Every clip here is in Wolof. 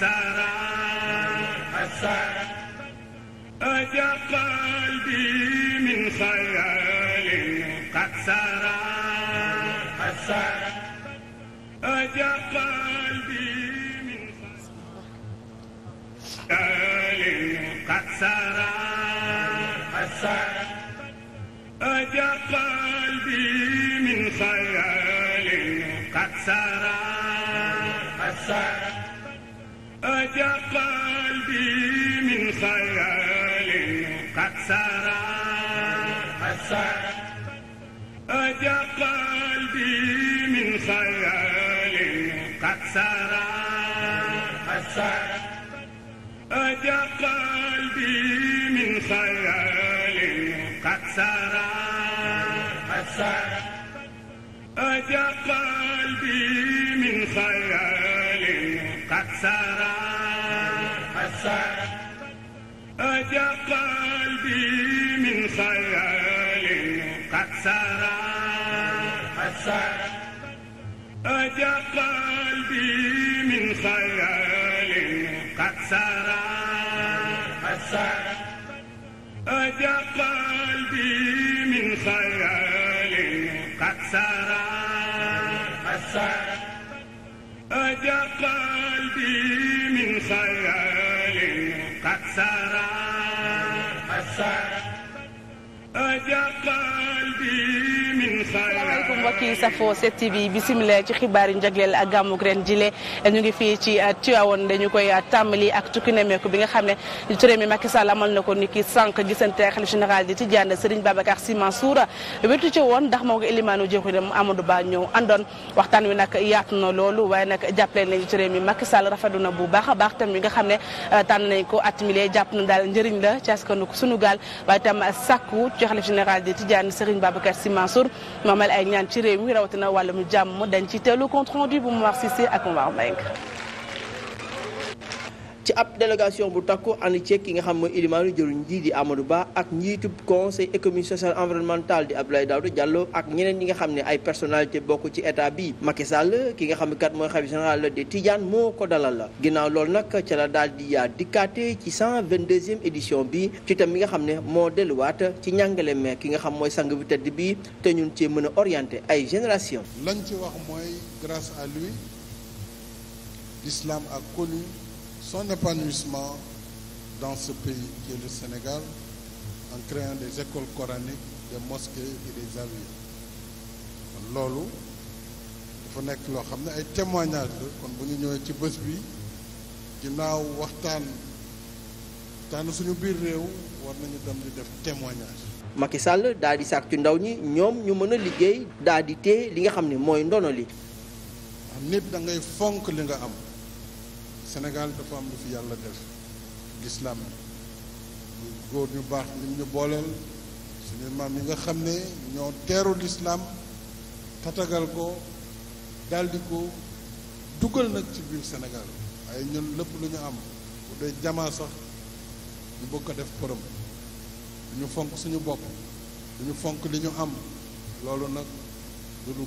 حسرا حسرا أجا قلبي من خيال قد سرى قد سرى أجا قلبي من خيال قد سرى قد سرى أجا قلبي قلبي من خيال قد سرى أجا قلبي من خيال قد سرى أجا قلبي من خيال قد سرى أجا قلبي من خيال قد سرى أجا قلبي من خيال قد سرى قد سرى أجا قلبي من خيال قد سرى قد سرى أجا قلبي من خيال قد سرى قد سرى أجا قلبي من خيال أجا قلبي من خير mbokk yi safoo 7TV bisimilah ci xibaar yi njagleel ak gàmmug ren jile ñu ngi fii ci euh, Tivaouane dañu koy euh, tàmbali ak tukki nemeeku bi nga xam ne turé mi Macky Sall amal na ko ni ki sànq gisante xalif général di Tidiane Serigne Babacar Sy Mansour wetu ci woon ndax moo ngi Elimaanu Joxuram Amadou Ba ñëw àndoon waxtaan wi nag yaatu na loolu waaye nag jàppale nañu turé mi Macky Sall rafetlu na bu baax a baax tam yi nga xam ne euh, tànn nañ ko attimile jàpp na daal njëriñ la ci askanu sunu gaal waaye tam sàkku ci xalif général di Tidiane Serigne Babacar Sy Mansour moomal ay ñaan ci réew mi rawatina wàllum jàmm dañ ci teelu compte rendu bu Momar Cissé ak Momar Mbengue ci ab délégation bu takku ànd ceeg ki nga xam mooy ilimaanu jëruñ ji di Amadou Ba ak njiitu conseil économique social environnemental di Abdoulaye Daouda Diallo ak ñeneen ñi nga xam ne ay personnalité bokk ci état bi Macky Sall ki nga xam ne kat mooy xalifa général de Tidiane moo ko dalal la ginnaaw loolu nag ca la daal di yaa dikkaate ci 122e édition bi ci tam bi nga xam ne moo delluwaat ci njàngale me ki nga xam mooy sang bu tedd bi te ñun ci mën a orienté ay génération lañ ci wax mooy grâce à lui l'islam son épanouissement dans ce pays qui est le Sénégal en créant des écoles coraniques, des mosquées et des avions loolu dafa nekk loo xam ne ay témoignage la kon bu ñu ñëwee ci bés bi ginnaaw waxtaan tànn suñu biir réew war nañu dem di def témoignage. Macky sàll daal di sàkk ci ndaw ñi ñoom ñu mën a liggéey daal di téye li nga xam ne mooy ndono li. nit da ngay fonk li nga am. senegal dafa am lu fi yàlla def l'islam ñu góor ñu baax lim ñu booleel suñu yi nga xam ne ñoo teeru l'islam tatagal ko daldi ko dugal nag ci biir senegal waaye ñun lépp lu ñu am bu dee jamaa sax ñu bëgg ko def përëm ñu fonk suñu bopp ñu fonk li ñu am loolu nag lu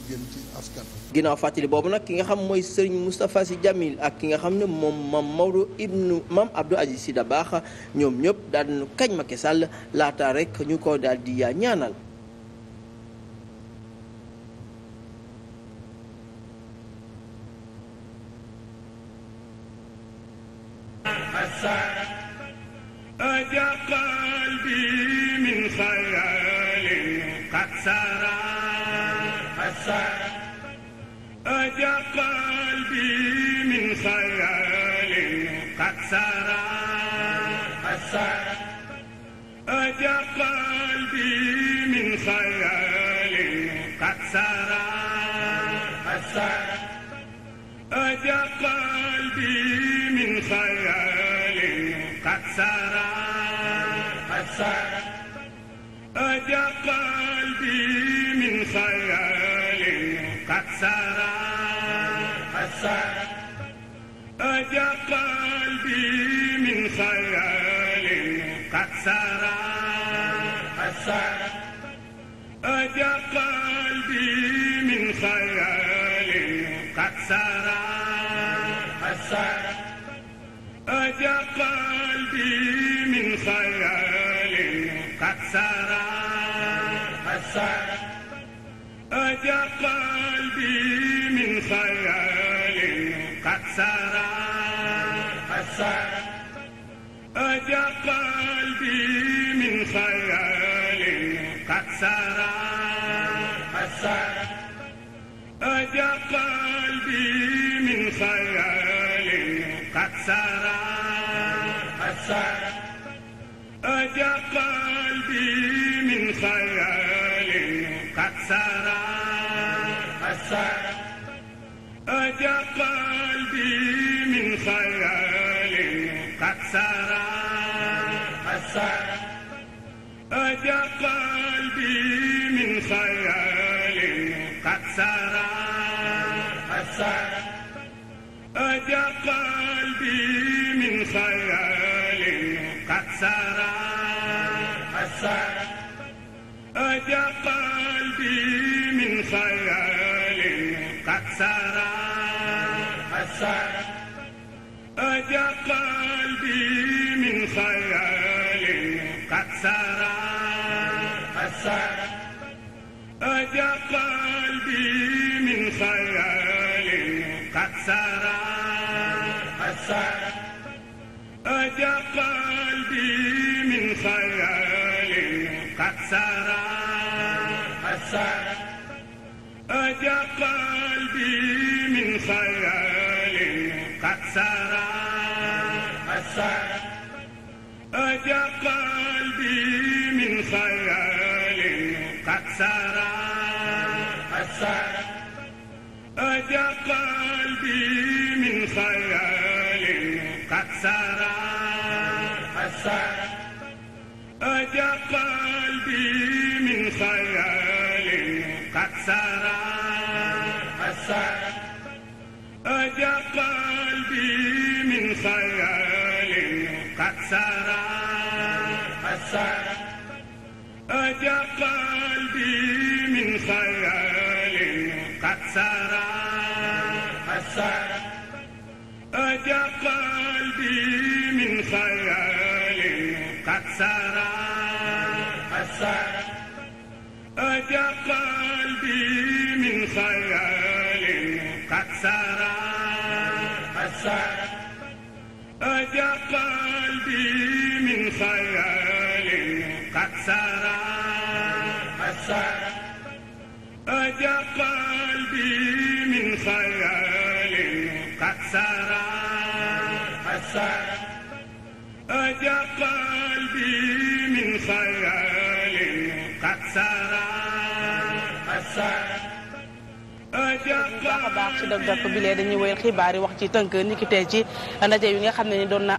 ginnaaw fàttali boobu nag ki nga xam mooy sëriñ Moustapha Sy Djamil ak ki nga xam ne moom mam Maodo ibnu mam Abdou Aziz Sy Dabakh ñoom ñëpp daal dinu kañ Macky Sall laata rek ñu ko daal di yaa ñaanal خيال قد سرى أجا قلبي من خيال قد سرى أجا قلبي من خيال قد سرى أجا قلبي من خيال قد سرى قد سرى أجا قلبي من خيال قد سرى قد سرى أجا قلبي من خيال قد سرى قد سرى أجا قلبي من خيال قد سرى قد سرى أجا قلبي من خيال قد سرى أجا قلبي من خيال قد سرى أجا قلبي من خيال قد سرى أجا قلبي من خيال قد سرى أجا قلبي من خيال حسرا حسرا أجا قلبي من خيال قد سرى سرى أجا قلبي من خيال قد سرى سرى أجا قلبي من خيال قد سرى سرى أجا قلبي بي من خيال قد سرى قد سرى أجقى أجا قلبي من خيال قد سرى أجا قلبي من خيال قد سرى أجا قلبي من خيال قد سرى أجا قلبي من خيال حسرا حسرا أجا قلبي من خيال قد سرى قد سرى أجا قلبي من خيال قد سرى قد سرى أجا قلبي من خيال قد سرى قد سرى أجا قلبي من خيال قد سرى قد سرى أجا قلبي من خيال قد سرى قد سرى baax baax ci dog dog bi lee dañuy wéyal xibaar yi wax ci tënk ni ki tey ci ndaje yi nga xam ne ni doon na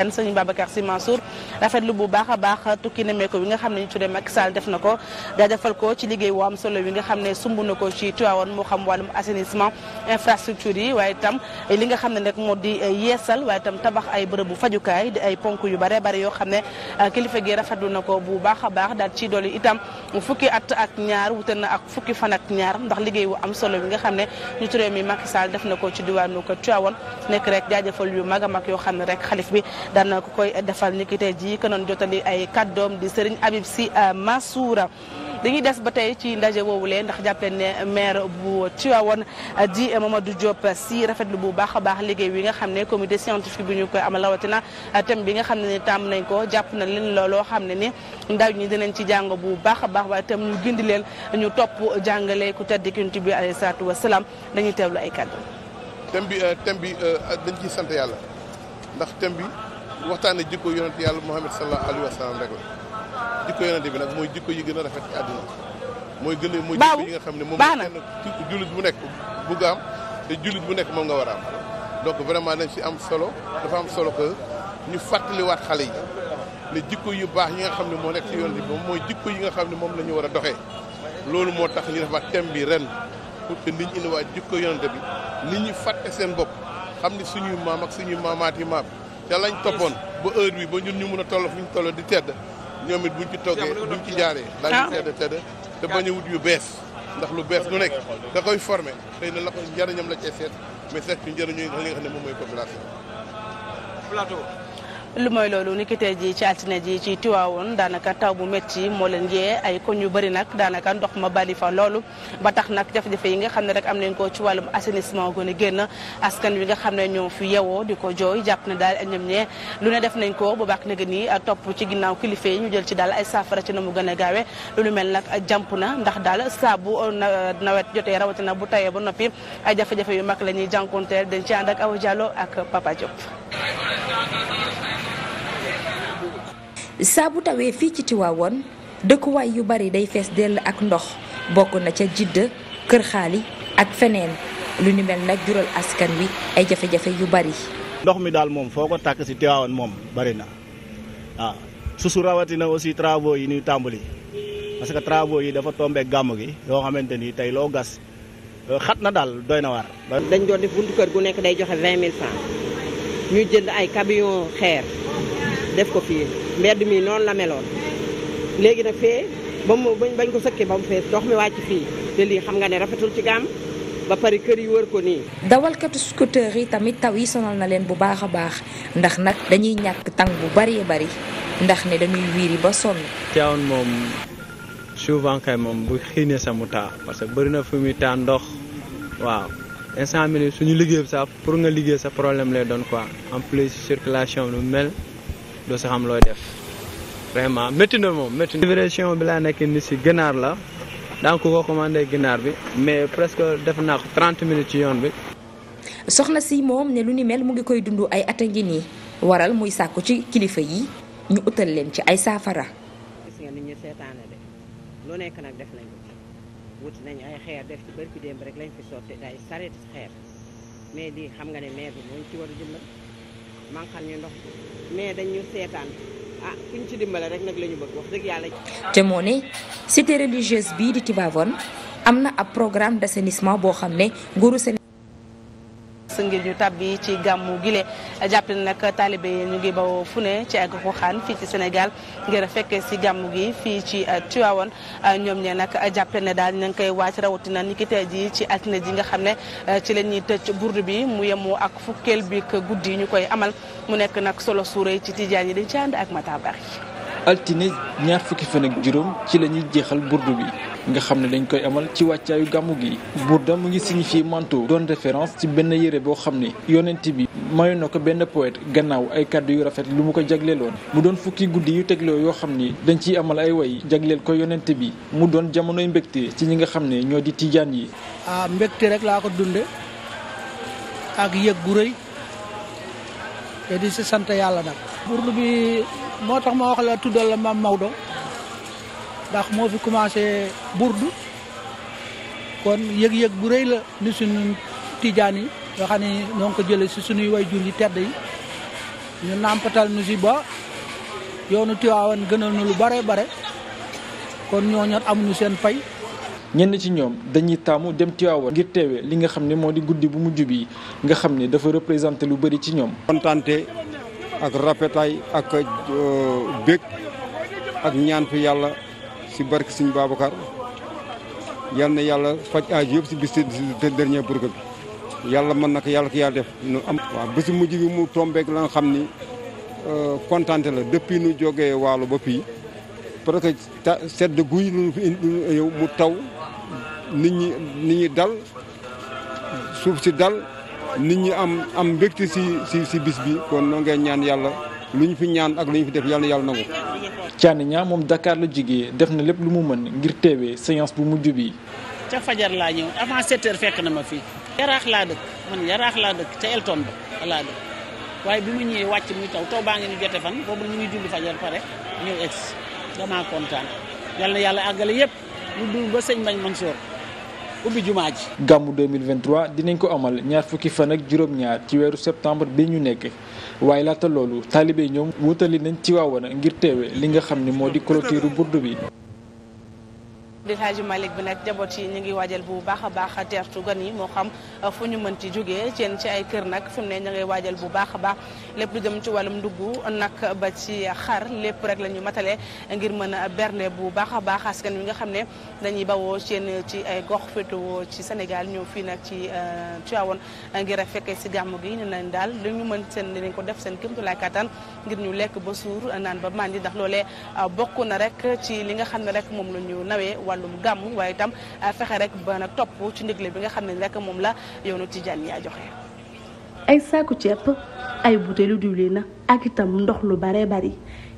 kan sëñ Babacar Sy Mansour rafetlu bu baax a baax tukki meeko bi nga xam ne ñu tuddee Macky Sall def na ko jaajëfal ko ci liggéey wu am solo wi nga xam ne sumb na ko ci Tivaouane moo xam wàllum assainissement infrastructure yi waaye itam li nga xam ne rek moo di yeesal itam tabax ay bërëbu fajukaay di ay ponk yu bare bare yoo xam ne kilifa gi rafetlu na ko bu baax a baax daal ci dolli itam fukki at ak ñaar na ak fukki fan ak ñaar ndax liggéey wu am solo bi nga xam ne ñu mi Macky Sall def na ko ci diwaanu ko Tivaouane nekk rek jaajëfal yu mag a mag yoo xam ne rek xalif bi dana ko koy defal ni ki tey jii ka noon jotali ay kàddoom di Serigne Habib Sy euh, Mansour dañuy des ba tey ci ndaje woowu lee ndax jàpp leen ne maire bu Tivaouane euh, di du Diop si rafetlu bu baax a baax liggéey wi nga xam ne comité scientifique bi ñu koy am rawatina euh, thème bi nga xam ne ni tàmm nañ ko jàpp na leen looloo xam ne ni ndaw ñi dinañ ci jàng bu baax a baax waaye itam ñu gindi leen ñu topp jàngale ku tedd ki bi alayhi salaatu wa salaam dañuy teewlu ay kàddu. thème bi thème bi ndax thème waxtaane jikko yonent yàlla Muhammad sallallahu alayhi wa sallam rek la jikko yonent bi nag mooy jikko yi gën a rafet ci àddina mooy gën a mooy jikko yi nga xam ne moom kenn jullit bu nekk bugg am te jullit bu nekk moom nga war a am vraiment dañ si am solo dafa am solo que ñu fàttaliwaat xale yi ne jikko yu baax ñi nga xam ne moo nekk ci yonent bi moom mooy jikko yi nga xam ne moom la ñu war a doxe loolu moo tax ñu defaat thème bi ren pour que nit ñi indiwaat jikko yonent bi nit ñi fat seen bopp xam ne suñuy maam ak suñuy maamaati maam te lañ toppoon ba heure bi ba ñun ñu mun a toll fu ñu toll di tedd ñoom it buñ ci toggee buñ ci jaaree daañu ah. tedd tedd te bañ wut yu bees ndax lu bees lu nekk da koy formé xëy na la ko njëriñam la cee seet mais seet ci njëriñu li nga xam ne moom mooy population lu mooy loolu ni ki tey ji ci altine ji ci Tiwaawoon daanaka taw bu métti moo leen yee ay koñ yu bëri nag daanaka ndox ma bali fa loolu ba tax nag jafe-jafe yi nga xam ne rek am nañ ko ci wàllum assainissement gën a génn askan wi nga xam ne ñoo fi yewoo di ko jooy jàpp ne daal ñoom ñee lu ne def nañ ko bu baax nag ni topp ci ginnaaw kilifa ñu jël ci daal ay saafara ci na mu gën a gaawe lu nu mel nag jàmp na ndax daal saa bu euh, euh, nawet jotee rawatina bu tawee ba noppi ay jafe-jafe yu mag la ñuy jànkonteel dañ ci ànd ak Awa ak Papa Diop saa bu tawee fii ci Tiwaawoon dëkkuwaay yu bari day fees dell ak ndox bokk na ca jidda kër xaali ak feneen lu ni mel nag jural askan wi ay jafe-jafe yu bari. ndox mi daal moom foo ko tàkk si Tiwaawoon moom bari na waaw ah, susu rawatina aussi travaux yi nuy tàmbali parce que travaux yi dafa tombé gàmm gi yoo xamante ni tey loo gas euh, xat na daal doy na waar. dañ doon def buntu kër gu nekk day joxe vingt mille francs ñu jënd ay camion xeer. def ko fii mbedd mi noonu la meloon léegi nag fee ba mu bañ ko sëkkee ba mu fees ndox mi wàcc fii te lii xam nga ne rafetul ci gàmm ba pare kër yi wër ko nii. dawalkatu scooter yi tamit taw yi sonal na leen bu baax a baax ndax nag dañuy ñàkk tànk bu bëree bëri ndax ne dañuy wiiri ba sonn. Tivaouane moom souvent kay moom bu xiinee sa mu taa parce que bëri na fu muy taa ndox waaw. instant bi suñu liggéey bi sax pour nga liggéey sa problème lay doon quoi en plus lu mel. doo si xam looy def vraiment métti na moom métti na. livraison bi laa nekk ni si ginaar la donc ko commandé ginaar bi mais presque def naa ko 30 minutes ci yoon bi. soxna si moom ne lu ni mel mu ngi koy dund ay at a ngi nii waral muy sàkku ci kilifa yi ñu utal leen ci ay saafara. gis nga nit ñi seetaane de lu nekk nag def nañ ko ci wut nañ ay xeer def ci barki démb rek lañ fi sotti ay sareet xeer mais lii xam nga ne maire bi moo ñu ci war a dimbali manqal ñu ndox mais dañu seetaan ah kuñ ci dimbale rek nag la bëgg wax dëgg yàlla. te moo ne cité religieuse bii di Tivaouane am na ab programme d'assainissement boo xam ne nguuru Sénégal ngir ñu tàbbi ci gàmmu gile jàppale nag taalibe ñu ngi ba fu ne ci ak ruxaan fii ci Sénégal ngir a fekke si gàmmu gi fii ci euh, Tivaouane euh, ñoom ñe nag jàppale ne daal ñu ngi koy waaj rawatina ni ki tey ji ci altine ji nga xam ne euh, ci la ñuy tëj burdu bi mu yemoo ak fukkeel bi guddi ñu koy amal mu nekk nag solo suuree ci tijaan yi dañ ci ànd ak Matar Bari altine ñaar fukki fan juróom ci la ñuy jeexal burdu bi nga xam ne dañ koy amal ci wàccaayu gàmmu gi burda mu ngi signifie manteau doon référence ci benn yére boo xam ne yonent bi mayoon na ko benn poète gannaaw ay kàddu yu rafet lu mu ko jagleeloon mu doon fukki guddi yu tegloo yoo xam ni dañ ciy amal ay way jagleel ko yonent bi mu doon jamonoy mbégte ci ñi nga xam ne ñoo di tijaan yi ah mbégte rek laa ko dunde ak yëg gu rëy te di si sant yàlla moo tax ma wax la tuddal la maam Maodo ndax moo fi commencé burdu kon yëg-yëg bu rëy la ni suñu tijaan yi nga xam ne ñoo ngi ko jële si suñuy way jur yi tedd yi ñu nàmpatal nu si ba yoonu Tiwaawan gënal nu lu bare bare kon ñoo ñooñu amuñu seen fay. ñenn ci ñoom dañuy taamu dem Tiwaawan ngir teewe li nga xam ne moo di guddi bu mujj bi nga xam ne dafa représenté lu bëri ci ñoom. kontaante ak rafetaay ak euh, bég ak ñaan fi yàlla si barke Sëñ Babacar yal na yàlla faj aaj yëpp si bis te dernier burga bi yàlla mën na ko yàlla ko yàlla def nu am waaw bési mujj bi mu tombeek la nga xam ni euh, kontaan la depuis nu jógee waalo ba fii parce que sedd guy lu fi yow mu taw nit ñi nit ñi dal suuf si dal nit ñi am am mbégte si si si bis bi kon noo ngay ñaan yàlla lu ñu fi ñaan ak lu ñu fi def yàlla yàlla nangu. Thiané Niang moom Dakar la jigee def na lépp lu mu mën ngir teewee séance bu mujj bi. ca fajar laa ñëw avant 7 fekk na ma fii. yaraax laa dëkk man yaraax laa dëkk ca Elton ba laa dëkk waaye bi mu ñëwee wàcc muy taw taw baa ngi ni jote fan boobu ñu ngi julli fajar pare ñëw egg damaa kontaan yàlla na yàlla àggale yëpp lu dul ba sëñ Bañ Mansour ubbi jumaa ji. gàmmu 2023 dinañ ko amal ñaar fukki fan ak juróom-ñaar ci weeru septembre bi ñu nekk waaye laata loolu taalibe ñoom wutali nañ ci waawana ngir teewe li nga xam ni moo di clôture burdu bi. El Hadji Malick bi nag njaboot yi ñu ngi waajal bu baax a baax teertu gan yi moo xam uh, fu ñu mën ci jógee seen ci ay kër nag fi mu ne ñu ngay waajal bu baaxa baax lépp lu jëm ci wàllum ndugg nag ba ci xar lépp rek la ñu matale ngir mën a bernde bu baax a baax askan wi nga xam ne dañuy bawoo seen ci ay gox féetewoo ci Sénégal ñëw fii nag ci uh, Tivaouane ngir a fekkee si gàmm gi ñu nañ daal lu ñu mën seen dinañ ko def seen kéemtulaay kattan ngir ñu lekk ba suur naan ba màndi ndax loolee uh, bokk na rek ci li nga xam ne rek moom la ñu nawee wàllum gàmm waaye itam euh, fexe rek ba topp ci ndigle bi nga xam ne rek moom la yoonu tijaan yaa joxe. ay saaku ceeb ay butéelu diwlin ak itam ndox lu baree bari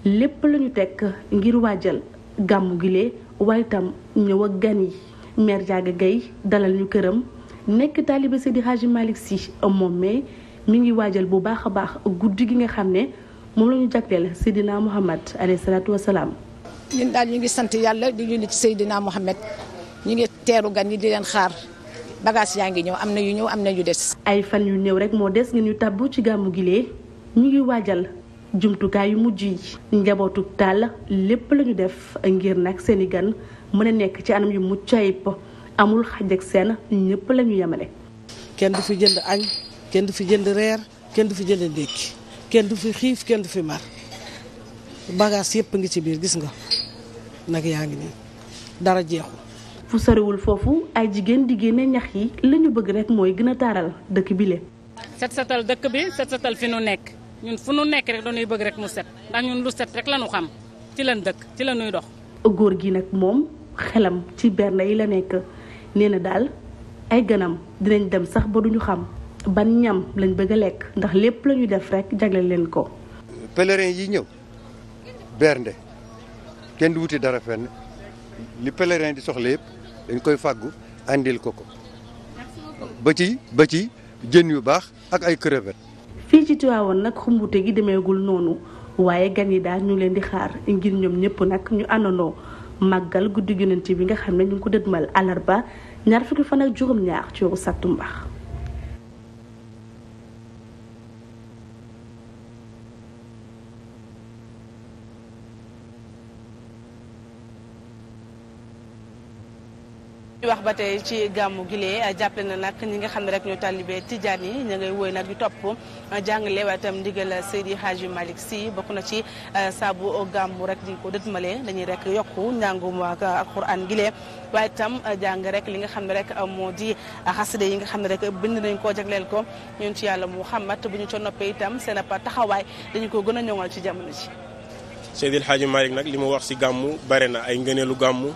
lépp lañu teg ngir waajal gàmmu gile waaye itam ñëw ak gan yi mère Diaga Gueye dalal ñu këram nekk taalibe Seydi Hadji Malick Sy moom mais mi ngi waajal bu baax a baax guddi gi nga xam ne moom lañu ñu jagleel Seydina Muhammad alayhi salaatu wa ñun daal ñu ngi sant yàlla di julli ci Seydina Mohamed ñu ngi teeru gan yi di leen xaar bagage yaa ngi ñëw am na yu ñëw am na yu des. ay fan yu néew rek moo des ngeen ñu tàbbu ci gàmmu gilee ñu ngi waajal jumtukaay yu mujj yi. njabootu tàll lépp la ñu def ngir nag seeni gan mën a nekk ci anam yu mucc ayib amul xaj ak seen ñëpp la ñu yemale. kenn du fi jënd añ kenn du fi jënd reer kenn du fi jënd ndékki kenn du fi xiif kenn du fi mar bagage yëpp ngi ci biir gis nga. nag yaa ngi nii dara fu sorewul foofu ay jigéen di génne ñax yi li ñu bëgg rek mooy gën a taaral dëkk bi le set setal dëkk bi set setal fi nu nekk ñun fu nu nekk rek bëgg rek mu set ndax ñun lu set rek la ñu xam ci lan dëkk ci la ñuy dox. góor gi nag moom xelam ci berne yi la nekk nee na daal ay ganam dinañ dem sax ba duñu xam ban ñam lañ bëgg a lekk ndax lépp la ñu def rekk jagle leen ko. pèlerin yi ñëw bernde. kenn du wuti dara fenn li pelerin di soxla yëpp dañ koy fàggu àndil ko ko ba ci ba ci jën yu baax ak ay crevettes. fii ci Tivaouane nag xumbute gi demeegul noonu waaye gan yi daal ñu leen di xaar ngir ñoom ñëpp nag ñu àndandoo màggal guddi yonent bi nga xam ne ñu ngi ko dëdmal alarba ñaar fukki fan ak juróom-ñaar ci weeru mbaax ba tey ci gàmmu gilee jàppale na nag ñi nga xam ne rek ñoo tàllibe tijaan yi ña ngay woy nag yu topp jàngale waaye itam ndigal Seydi Hadji Malick Sy bokk na ci euh, saabu gàmmu rek di ko dëtmale dañuy rek yokku njàngum ak alxuraan gilee waaye itam euh, jàng rek li nga xam ne rek euh, moo di xasida yi nga xam ne rek bind nañ ko jagleel ko ñun ci yàlla Muhammad bu ñu ca noppee itam seen ab taxawaay dañu ko gën a ñoŋal ci jamono ji Seydi El Hadji nag li mu wax si gàmmu bare na ay ngëneelu gàmmu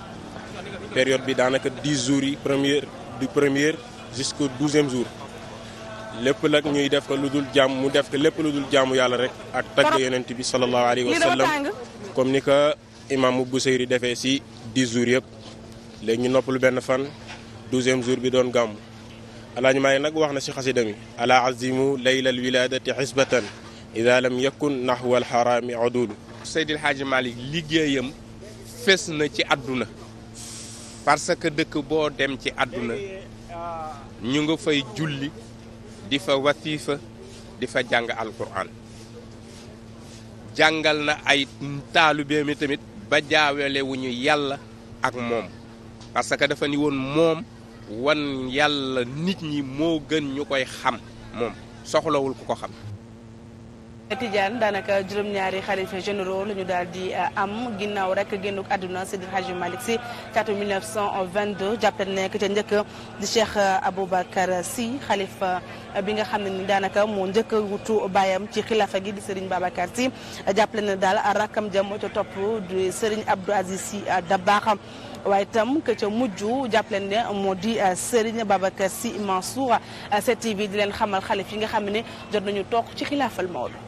période bi daanaka dix jours yi première du premier jusqu'au douzième jour lépp nag ñuy def ko lu dul jàmm mu def ko lépp lu dul jaamu yàlla rek ak tagg yonent bi sallallahu alayhi wa sallam comme ni ko imaamu Buseyri defee si dix jours yëpp léegi ñu noppalu benn fan douzième jour bi doon gàmm alaaji maa ngi nag wax na si xasida mi ala azimu laylal wiladati xisbatan ida lam yakun nahwa alxaraami adulu Seydil Haaji Malick liggéeyam fes na ci àdduna parce que dëkk boo dem ci àdduna ñu nga fay julli di fa wasifa di fa jàng alquran jàngal na ay taalibeem tamit ba jaawele yàlla ak moom parce que dafa ni woon moom wan yàlla nit ñi moo gën ñu koy xam moom soxlawul ku ko xam Tidiane daanaka juróom-ñaari xalifa généraux la ñu daal di eh, am ginnaaw rek génnuk àdduna Seydil Hadji Malick Sy ci atum 1922 jàppale nekk ca njëkk di Cheikh Aboubacar si xalifa bi nga xam ne ni daanaka moo njëkk wutu baayam ci xilafa gi di Serigne Babacar Sy jàppale na daal rakkam ja moo ca topp di Serigne Abdou Aziz Sy Dabakh waaye itam que ca mujj jàppale ne moo di Serigne si Sy Mansour 7TV di leen xamal xalif yi nga xam ne jot nañu toog ci xilaafal Maodo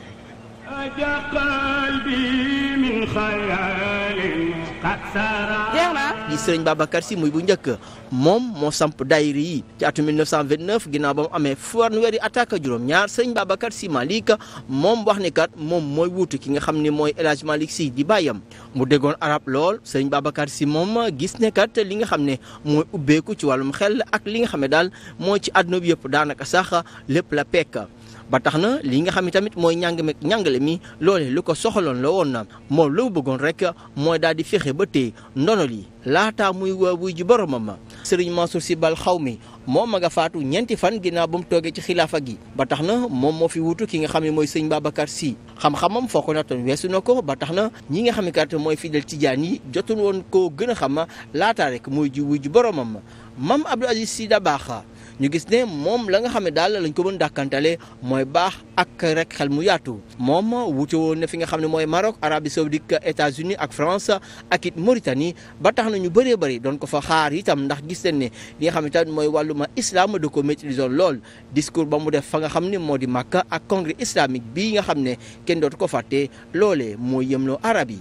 di sëriñ Babacar Si muy bu njëkk moom moo samp daayiri yi ci atum 1929 ginnaaw ba mu amee fanweeri attaque juróom-ñaar sëriñ Babacar Si Malick moom wax ne kat moom mooy wuutu ki nga xam ni mooy El Hadj Malick Si di bàyyam mu déggoon arab lool sëriñ Babacar Si moom gis ne kat li nga xam ne mooy ubbeeku ci wàllum xel ak li nga xam ne daal mooy ci àdduna bi yëpp daanaka sax lépp la pekk ba tax na li nga xam ne tamit mooy njàng mi njàngale mi loole lu ko soxloon la woon na moom loo bëggoon rek mooy daal di fexe ba tey ndono li laataa muy wuy ji ma sëriñ Mansour si Bal xaw mi moom ma faatu ñeenti fan ginnaaw ba mu toogee ci xilaafa gi ba tax na moom moo fi wutu ki nga xam ne mooy sëñ Babacar Sy xam-xamam foo ko nattoon weesu na ko ba tax na ñi nga xam ne kat mooy fidèle tijaan yi jotoon woon koo gën a xam laataa rek muy ji wuy ji boromam mam Abdou Aziz Sy Dabakh ñu gis ne moom la nga xam ne daal lañ ko mën dàkkantale mooy baax ak rek xel mu yaatu moom wuute woon na fi nga xam ne mooy Maroc Arabie Saoudite États-Unis ak France ak it Mauritanie ba tax na ñu bëree bëri doon ko fa xaar itam ndax gis nañ ne li nga xam ne tamit mooy wàlluma islam da ko maîtrisoon lool discours ba mu def fa nga xam ne moo di Makka ak congrès islamique bii nga xam ne kenn dootu ko fàtte loolee mooy yëmloo arab yi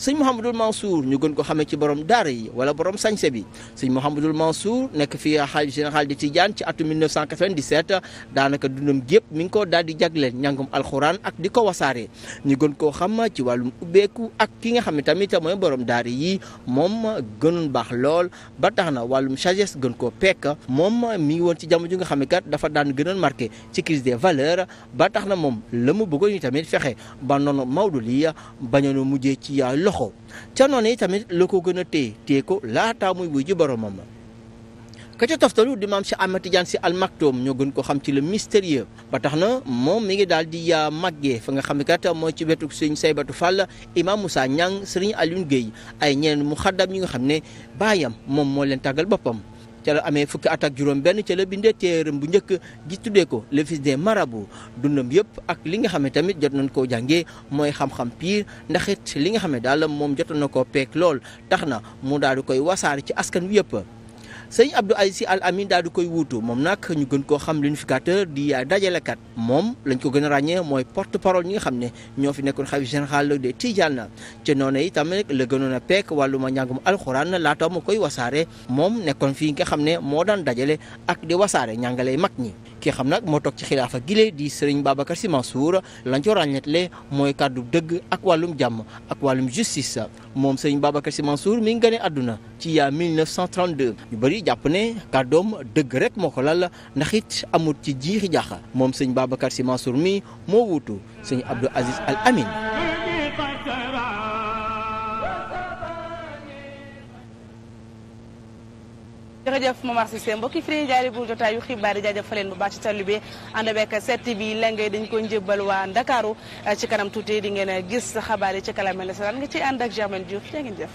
sëñ Mouhamadul Mansour ñu gën ko xamee ci borom daara yi wala borom sañse bi sëñ Mouhamadul Mansour nekk fi xalifa général di Tidiane ci atum 1997 daanaka dundam gépp mi ngi ko daal di jagleel njàngum alxuraan ak di ko wasaare ñu gën koo xam ci wàllum ubbeeku ak ki nga xam ne tamit mooy borom daara yi moom gën baax lool ba tax na wàllum sagesse gën koo pekk moom mi ngi woon ci jamono ju nga xam ne kat dafa daan gënoon marqué ci crise de valeurs ba tax na moom la mu bëggoon ñu tamit fexe ba noonu Maodo lii bañoon mujjee ci loxo ca noonu yi tamit la ko gën a téye téye ko laataa muy wuy ji boromam ka ca toftalu di maam si Ahmed Tidiane si almaktoom ñoo gën ko xam ci la mystérieux ba tax na moom mi ngi daal di yaa màggee fa nga xam ne kat mooy ci wetu sëñ Saybatu Fall Imam Moussa Niang Serigne Alioune Guèye ay ñeneen mu xaddam ñi nga xam ne baayam moom moo leen tàggal boppam. ca la amee fukki at ak juróom benn ca la bindee téeram bu njëkk gi tuddee ko le fils des marabouts dundam yëpp ak li nga xam ne tamit jot nañ koo jàngee mooy xam-xam piir ndax it li nga xam ne daal moom jot na koo peek lool tax na mu daal di koy wasaare ci askan wi yëpp sëñ Abdou si Al Amin daal koy wuutu moom nag ñu gën koo xam l'unificateur di dajalekat moom lañ ko gën a ràññee mooy porte parole ñi nga xam ne ñoo fi nekkoon xalif général de Tidiane ca noonu itam rek gënoon a peek wàlluma njàngum alxuraan laata mu koy wasaare moom nekkoon fii nga xam ne moo daan dajale ak di wasaare njàngale mag ñi. ki xam nag moo toog ci xilaafa gile di sëriñ Babacar Sy Mansour lañ ko ràññeetle mooy kàddu dëgg ak wàllum jàmm ak wàllum justice. moom sëñ Babacar Sy Mansour mi ngi gane àdduna ci yaa 1932 ñu bëri jàpp ne kàddoom dëgg rek moo ko lal ndax it amut ci jiixi jaaxa moom sëñ Babacar Sy Mansour mi moo wuutu sëñ abdu Aziz Al Amin jërëjëf Momar Cissé mbokki firi jaari bu jotaayu xibaar yi jaajëf fa leen bu baax ci tallu bi ànd beek 7TV lenge dañ ko njëbbal waa Ndakaaru eh, ci kanam tuuti di ngeen eh, gis xabaar yi ci kalamel la salaan nga ci ànd ak Germaine Diouf jaa ngeen jëf